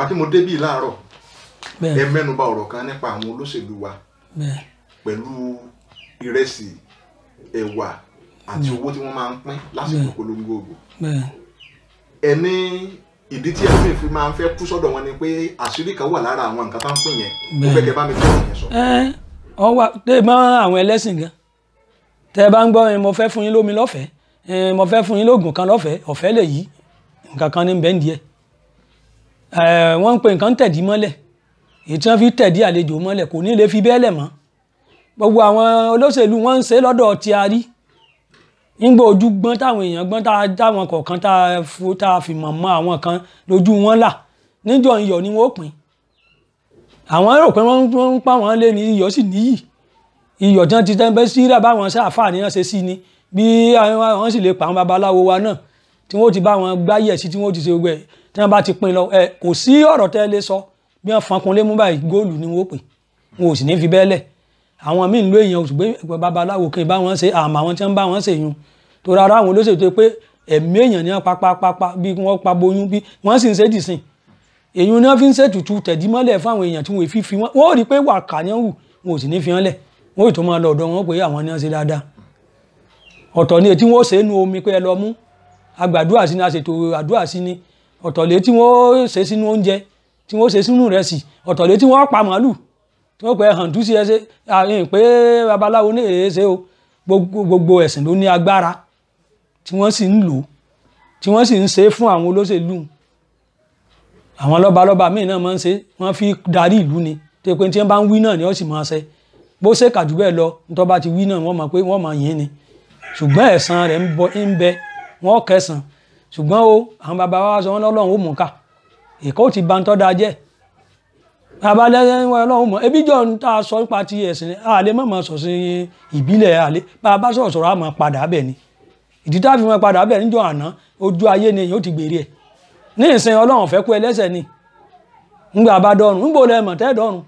nípa pé mo débì láàárọ̀ ẹ mẹ́nuba ọ̀rọ̀ kan nípa àwọn olóṣèlú wa pẹ̀lú ìrẹsì ẹ̀wà àti owó tí wọ́n máa ń pín lásìkò polongo ògbò ẹ ní ìdí tí ẹlòmíì fi máa ń fẹ́ kú sọ́dọ̀ wọn ni pé àṣírí kan wà lára àwọn nǹkan tá ń pín yẹn mo fẹ́ kẹ́ bá mi tọ́ ìyẹn sọ. ẹ ọ wa tẹ ẹ mọ àwọn ẹlẹ́sìn gan tẹ ẹ bá ń gbọ́ mo fẹ́ fún yín lómi lọ́fẹ̀ẹ́ mo fẹ́ fún yín lóògùn kan lọ́fẹ̀ẹ́ ọ̀fẹ́ lè yí nǹkan kan ní bẹ́ẹ̀ díẹ̀ wọ́n ń pe nǹkan tẹ̀dí mọ́lẹ̀ èyí tí wọ́n fi tẹ̀dí àlejò mọ́lẹ̀ kò ní lè fi bẹ́ẹ̀lẹ̀ mọ́ gbogbo àwọn olóṣèlú wọ́n ń ṣe lọ́dọ̀ ti a rí nígbà ojú gbọ́n táwọn èèyàn gbọ́n táwọn kọ̀ọ̀kan tá a fi mọ̀ mọ́ àwọn kan lójú wọn là níjọ iyọ̀ ni wọ́n pín àwọn rò pé wọ́n ń pa wọ́n lé ní iyọ̀ sì níyì iyọ̀ tí wọ́n ti tẹ́ bẹ́ẹ́ sí rà báwọn ṣáà fà ní wọ́n ṣe sí ni bí wọ́n sì lè pa àwọn babaláwo wa náà tí wọ́n ti bá wọn gbáyẹ̀ sí tí wọ́n ti ṣe gbẹ tí wọ́n bá ti pín lọ ẹ kò sí ọ̀rọ̀ tẹ́ lé sọ bí wọ́n fankun lé mú báyìí góòlù ni wọ́n pè wọn ò sì ní fi bẹ́ẹ̀ lẹ̀ àwọn míì ń lo èèyàn oṣù pé babaláwo kì í bá wọn ṣe àmọ́ àwọn tí wọ́n bá wọn ṣe yun tó rárá àwọn olóṣèlú tó pé ẹ̀mí èèyàn ni wọ́n pa pápápá bí wọ́n pa boyún bí wọ́n sì ń ṣe dìsìn èyí ni wọ́n fi ń ṣètùtù tẹ̀dímọ́lẹ̀ fáwọn èèyàn tí wọ́n fi fi wọ́n ó rí i pé wàkà ni wù wọn ò sì ní fi hàn lẹ̀ wọ́n ì tó máa lọ ọ̀dọ̀ wọn pé àwọn ni wọ́n ṣe dáadáa ọ̀tọ̀ ni ètí wọ́n ṣe é nu omi pé ẹ lọ mú agbàdúrà sí ni aṣètò àdúrà sí ni ọ̀tọ̀lé tí wọ́n ṣe sínú oúnjẹ tí wọ́n ṣe sínú rẹ̀ sí ọ̀tọ̀lé tí wọ́n pa màálù tí wọ́n pẹ́ hàǹdú sí ẹsẹ̀ àyìn pé babaláwo ní èèṣe o gbogbo ẹ̀sìn ló ní agbára tí wọ́n sì ń lò tí wọ́n sì ń ṣe fún àwọn olóṣèlú àwọn lọ́balọ́ba míì náà máa ń ṣe wọ́n fi darí ìlú ni tó pé tí wọ́n bá ń wí náà ni wọ́n sì máa ṣe bó ṣe kàdúbẹ́ lọ ní tó bá ti wí náà wọ́n mọ̀ pé wọ́n mọ̀ yín ni ṣùgbọ́n ẹ̀san rẹ̀ ń bẹ wọn kẹsàn ṣùgbọ́n o àwọn bàbá wa sọ wọn lọ́lọ́run ó mú ká èkó ti ba ntọ́ da jẹ́ bàbá lẹ́yìn wọn lọ́wọ́ mọ̀ ebi jọ ń ta sọ nípa ti ẹ̀sìn ni àlẹ́ mọ̀ mọ̀ sọ̀sìn ìbílẹ̀ àlẹ́ bàbá sọ̀rọ̀ sọ̀rọ̀ àmọ́ padà bẹ̀ ni ìdí tá a fi mọ̀ padà bẹ̀ níjọ àná ojú ayé ni èyàn ó ti gbèrè ẹ̀ ní ìsìn ọlọ́run fẹ́ kú ẹlẹ́sẹ̀ ni ńgbà bá dọ́run ńgbò lẹ́ mọ̀ tẹ́ dọ́run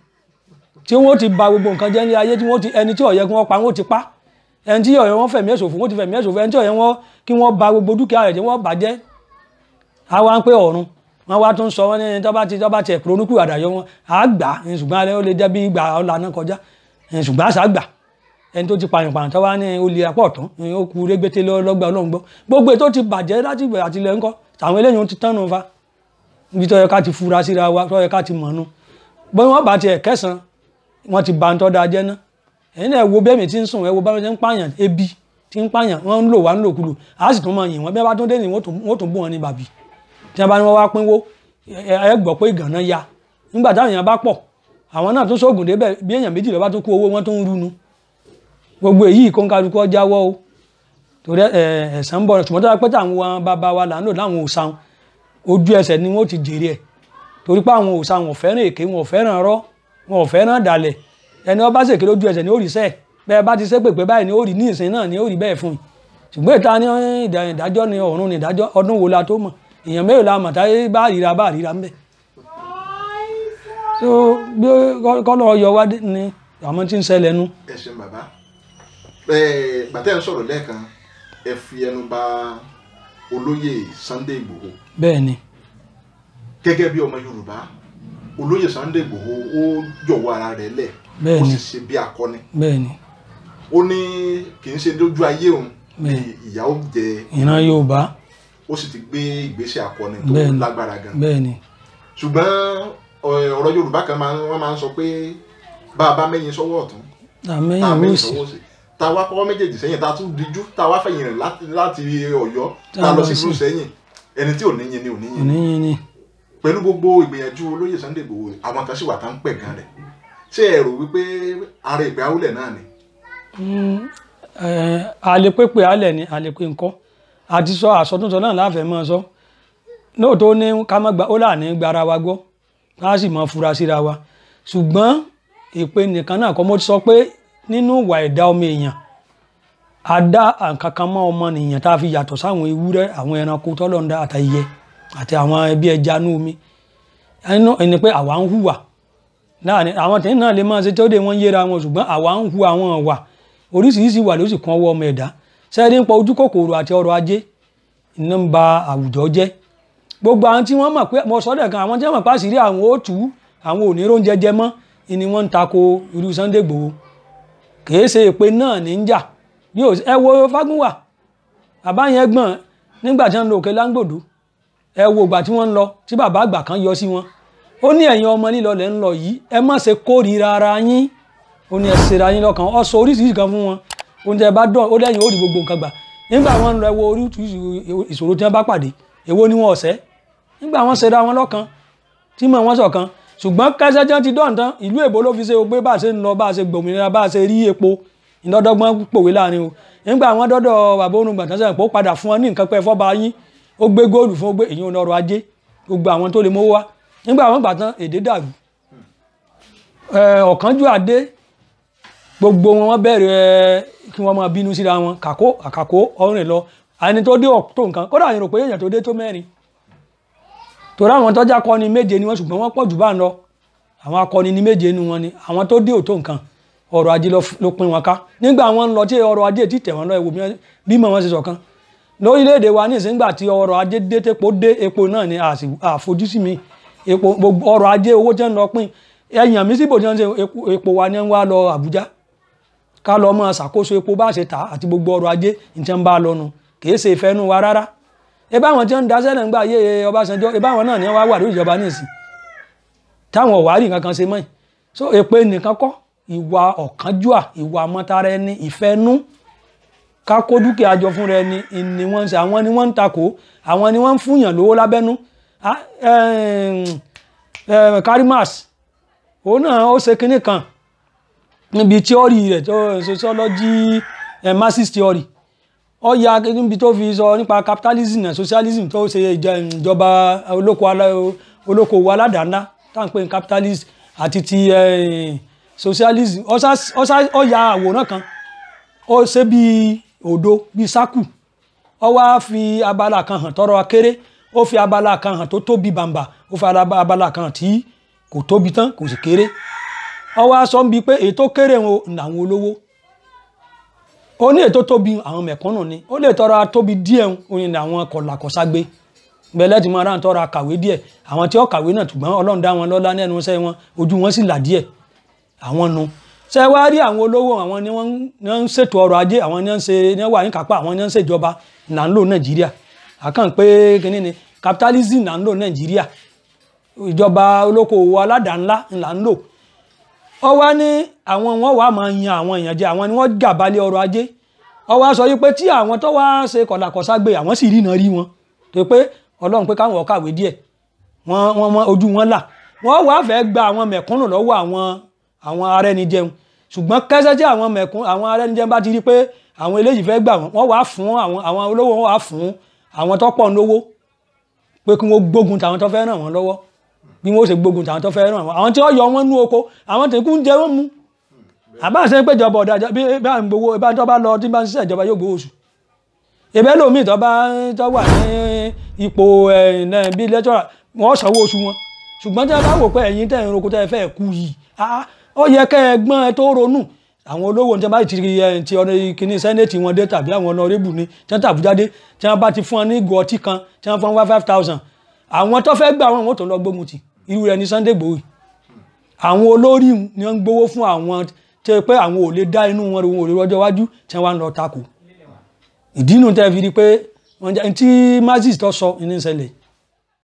tí wọ́n ti ba gbogbo nǹkan jẹ́ ní ayé tí wọ́n ti ẹni tí ó yẹ wọ́n ti pa ẹni tí ọ̀rẹ́ wọn fẹ̀mí ẹ̀ṣòfò wọn ti fẹ̀mí ẹ̀ṣòfò ẹni tí ọ̀rẹ́ wọn kí wọ́n ba gbogbo dúkìá rẹ̀ jẹ́ wọ́n bàjẹ́ àwa ń pé ọ̀run wọn wá tún sọ wọn ní tọ́ba ti tọ́ba tiẹ̀ ronúkú àdàyọ wọn àgbà ṣùgbọ́n alẹ́ ó lè jẹ́ bí ìgbà ọ̀la náà kọjá ṣùgbọ́n àṣà gbà ẹni tó ti pààyàn pààyàn tọ́wá ní olè apọ̀ tán ó kú régbété lọ́gbà ọlọ́run bá tiẹ̀ kẹsàn-án wọ́n ti ba ń da jẹ́ náà ẹ̀yin náà wo bẹ́ẹ̀ tí ń sùn ẹ wo ń pààyàn ebi ti ń pààyàn wọ́n ń lò wá a sì tún máa yìn wọ́n bí bá tún dé ní wọ́n tún bù wọn ní bàbí tí wọ́n bá ní wọ́n ẹ gbọ́ pé ìgànnà ya nígbà táwọn èèyàn bá pọ̀ àwọn náà tún sóògùn débẹ̀ bí èèyàn méjì bá tún owó wọn tún ń runu gbogbo èyí ọjà jáwọ́ o torí ẹ̀sán bọ̀ ṣùgbọ́n tó bá pẹ́ táwọn bàbá wa là ń lò láwọn òòsàn ojú ẹsẹ̀ ni wọ́n ti jèrè ẹ̀ ẹni ọba ṣèké lójú ẹsẹ̀ ni ó rí sẹ́ẹ̀ bẹ́ẹ̀ bá ti ṣépè pé báyìí ni ó rí ní ìsìn náà ni ó rí bẹ́ẹ̀ fún un ṣùgbọ́n ìta ní ìdájọ́ ni ọ̀run ni ìdájọ́ ọdún wo la tó mọ̀ èèyàn mélòó la mọ̀ táyé bá ríra bá ríra ń bẹ̀. tó bí kọ́lọ́ yọ wá ni àwọn tí ń ṣẹlẹ̀ nu. ẹ ṣeun bàbá bàtẹ́ ń sọ̀rọ̀ lẹ́ẹ̀kan ẹ fi ẹnu bà olóyè Sunday Igboho. bẹ́ẹ̀ ni. gẹ́gẹ́ bí ọmọ Yorùbá olóyè Sunday Igboho ó jọ̀wọ́ ara rẹ̀ lẹ̀ ó ti ṣe bí akọni ó ní kì í ṣe lójú ayé òun ni ìyá ó jẹ ìran Yorùbá ó sì ti gbé ìgbésẹ̀ akọni tó lágbára gan ṣùgbọ́n ọ̀rọ̀ Yorùbá kan wọ́n máa ń sọ pé bá a bá mẹ́yìn sọ́wọ́ ọ̀tún tá a mẹ́yìn sọ́wọ́ sí ta wá kọ́kọ́ méjèèjì sẹ́yìn ta tún díjú ta wá fẹ̀yìn rìn láti Ọ̀yọ́ ta lọ sí ìlú sẹ́yìn ẹni tí ò ní yin ni ò ní yin ni pẹ̀lú gbogbo ìgbìyànjú olóyè Sunday Igboho àwọn kan sì wà tá ń pẹ̀ gan rẹ̀ ṣé ẹ wípé ara ìgbà àwùlẹ̀ náà ni. àlepépe hmm. eh, alẹ̀ ni àlepé ńkọ́ àti sọ àsọtúnsọ náà láfẹ̀ẹ́ mọ́ sọ ní ká gba ó wa sì mọ fura síra wa ṣùgbọ́n ìpè nìkan náà kọ́ mo sọ pé nínú ìwà ẹ̀dá ọmọ èèyàn àdá dá àǹkankan ọmọ nìyẹn tá fi yàtọ̀ sáwọn ewúrẹ́ àwọn ẹranko tọ́lọ́ndá àtàyẹ àti àwọn ẹbí ẹja ní omi ẹni pé àwa láàrin àwọn tẹ̀yìn náà lè máa ṣe tó dé wọ́n yéra wọn ṣùgbọ́n àwa ń hu àwọn wà oríṣiríṣi wà ló sì kan ọwọ́ ọmọ ẹ̀dá sẹ́ẹ̀dí ń pa ojú kòkòrò àti ọrọ̀ ajé iná ń ba àwùjọ jẹ́ gbogbo àwọn tí wọ́n mọ̀ pé mo sọ́dọ̀ kan àwọn tí wọ́n mọ̀ pé àṣírí àwọn ó tú àwọn ò ní róúnjẹ jẹ mọ́ ni wọ́n ń tako irú Sunday Igboho kìí ṣe èpè náà ní ń jà yóò ẹ wo Fagunwa àbáyẹn gbọ̀n nígbà tí wọ́n ń lo òkè láńgbòdo ẹ wo ìgbà tí wọ́n ń lọ tí bàbá àgbà kan yọ sí wọn ó ní ẹ̀yin ọmọ lílọlẹ̀ ń lọ yìí ẹ má ṣe kórìíra ara yín ó ní ẹ ṣera yín lọ́kàn ọ sọ oríṣiríṣi kan fún wọn oúnjẹ bá dọ̀ ó lẹ́yìn ó rí gbogbo nǹkan gbà nígbà wọn lọ wo oríṣiríṣi ìṣòro tí wọn bá pàdé èwo ni wọn ọ̀sẹ́ nígbà wọn ṣera wọn lọ́kàn tí mọ̀ wọn ṣọ̀kan ṣùgbọ́n kẹsẹ́ tí wọ́n ti dọ̀ǹtán ìlú èbó ló fi ṣe o pé bá a ṣe ń lọ bá a ṣe gbòmìnira nígbà wọn gbà tán èdè dàrú ọ̀kánjúwà dé gbogbo wọn wọn bẹ̀rẹ̀ kí wọ́n máa bínú síra wọn kàkó àkàkó ọ̀rìn lọ àní tó dé tó nǹkan kódà àyìn rò pé èèyàn tó dé tó mẹ́rin torí àwọn tọ́jà akọni méje ni wọ́n ṣùgbọ́n wọ́n pọ̀ jù bá ń lọ àwọn akọni ní méje nu wọn ni àwọn tó dé òtó nǹkan ọrọ̀ ajé ló pin wọn ká nígbà wọn lọ tí ọrọ̀ ajé ti tẹ̀ wọn lọ ewu bímọ wọn ṣe sọ̀kan lórílẹ̀‐èdè wa ní ìsìngbà tí ọrọ̀ ajé dé tepo dé epo náà ni àfojúsí mi epo gbogbo ọrọ̀ ajé owó tí wọ́n lọ pín ẹ̀yàn mi síbò tí epo wa ni wọ́n wá lọ Àbújá ká lọ mọ ṣàkóso epo bá ṣe tà àti gbogbo ọrọ̀ ajé nǹkan bá lọ́nu kìí ṣe ìfẹ́ nu wa rárá ebá àwọn tí ń daṣẹ́ náà ń gbà yé ebá àwọn náà ni wọ́n wà lórí ìjọba nísìn táwọn ọ̀wárì kankan ṣe mọ́yìn so èpè nìkan kọ́ ìwà ọ̀kánjúà ìwà mọ́tara ẹni ìfẹ́nú ká kó dúkìá jọ fúnra ẹni ni wọ́n ń ṣe àwọn ni wọ́n ń takò àwọn ni wọ́n ń fúnyàn lówó lábẹ́nú Karimas òun náà ó ṣe kinní kan níbi tíọ́rì rẹ̀ sociology eh, Marxist theory ó ya níbi tó fi sọ nípa capitalism and socialism tó ṣe ìjọba olókoòwò aládàáńdá táwọn pè ní capitalist àti ti eh, socialism ó ya àwòrán kan ó ṣe bí odo bí sákù ó wá fi abala kan hàn tọrọ akéré ó fi abala kan hàn tó tóbi bàǹbà ó fi abala kan hàn tí kò tóbi tán kò sì kéré ọwọ́ aṣọ ń bi pé èyí tó kéré wọn làwọn olówó ó ní èyí tó tóbi àwọn mẹ̀kúnnù ni ó lè tọrọ tóbi díẹ̀ ni àwọn kọ̀làkọ̀ságbé ń tọrọ kàwé díẹ̀ àwọn tí ó kàwé náà tùgbọ́n ọlọ́run dá wọn lọ́lá nínú wọn ojú wọn sì là àkàn pé kínní ni capitalism là ń lò nàìjíríà ìjọba olókoòwò aládàńlá là ń lò ó wá ní àwọn wọn wà máa yan àwọn èèyàn jẹ àwọn ni wọn gàbálẹ̀ ọrọ̀ ajé ó wá sọ yìí pé tí àwọn tó wá ṣe kọ̀dàkọ̀sá gbé àwọn sì rìnà rí wọn tó pé ọlọ́run pé káwọn kàwé díẹ̀ wọn wọn ojú wọn là wọn wàá fẹ́ gba àwọn mẹ̀kúnnù lọ́wọ́ àwọn àwọn ará ẹni jẹun tí àwọn mẹ̀kún àwọn ará bá ti rí pé àwọn eléyìí fẹ́ gbà wọn wọn wàá fún àwọn olówó wọn wàá fún àwọn tó pọ̀ lówó pé kí wọ́n gbógun tàwọn tó fẹ́ ràn wọ́n lọ́wọ́ bí wọ́n ṣe gbógun tàwọn tó fẹ́ ràn wọ́n àwọn tí wọ́n yọ wọ́n nú oko àwọn tẹ̀kú ń jẹ wọ́n àbáṣe ń péjọba ọ̀dà bí bá ń gbowó bá tó bá lọ tí bá ń ṣiṣẹ́ ìjọba yóò gbowó oṣù ìbẹ́ lómi tó bá tó wà ní ipò bí lẹ́tọ́rà wọ́n sanwó oṣù wọn ṣùgbọ́n tí wọ́n bá wò pé ẹ̀yin tẹ̀ ń roko tẹ́ fẹ́ kú yìí ó yẹ kẹ́ ẹ gbọ́n ẹ tó ronú àwọn olówó ní tí wọ́n bá ti rí ẹ eh, ti ọ̀nà ìkíní sẹ́nẹ̀tì wọn dé tàbí àwọn ọ̀nàrẹ́bù ni tí wọ́n tàbújá dé tí wọ́n bá ti fún ọ ní ìgò ọtí kan tí wọ́n fún ọ five thousand àwọn tó fẹ́ gbà wọn tó lọ gbógun ti irú rẹ ní Sunday Igboho àwọn olórí ni wọ́n ń gbowó fún àwọn tẹ pé àwọn ò lè dá inú wọn òun ò lè rọjọ́ iwájú tí wọ́n lọ takò ìdí inú tẹ́ fi rí pé tí mazis tó sọ ní ṣẹlẹ̀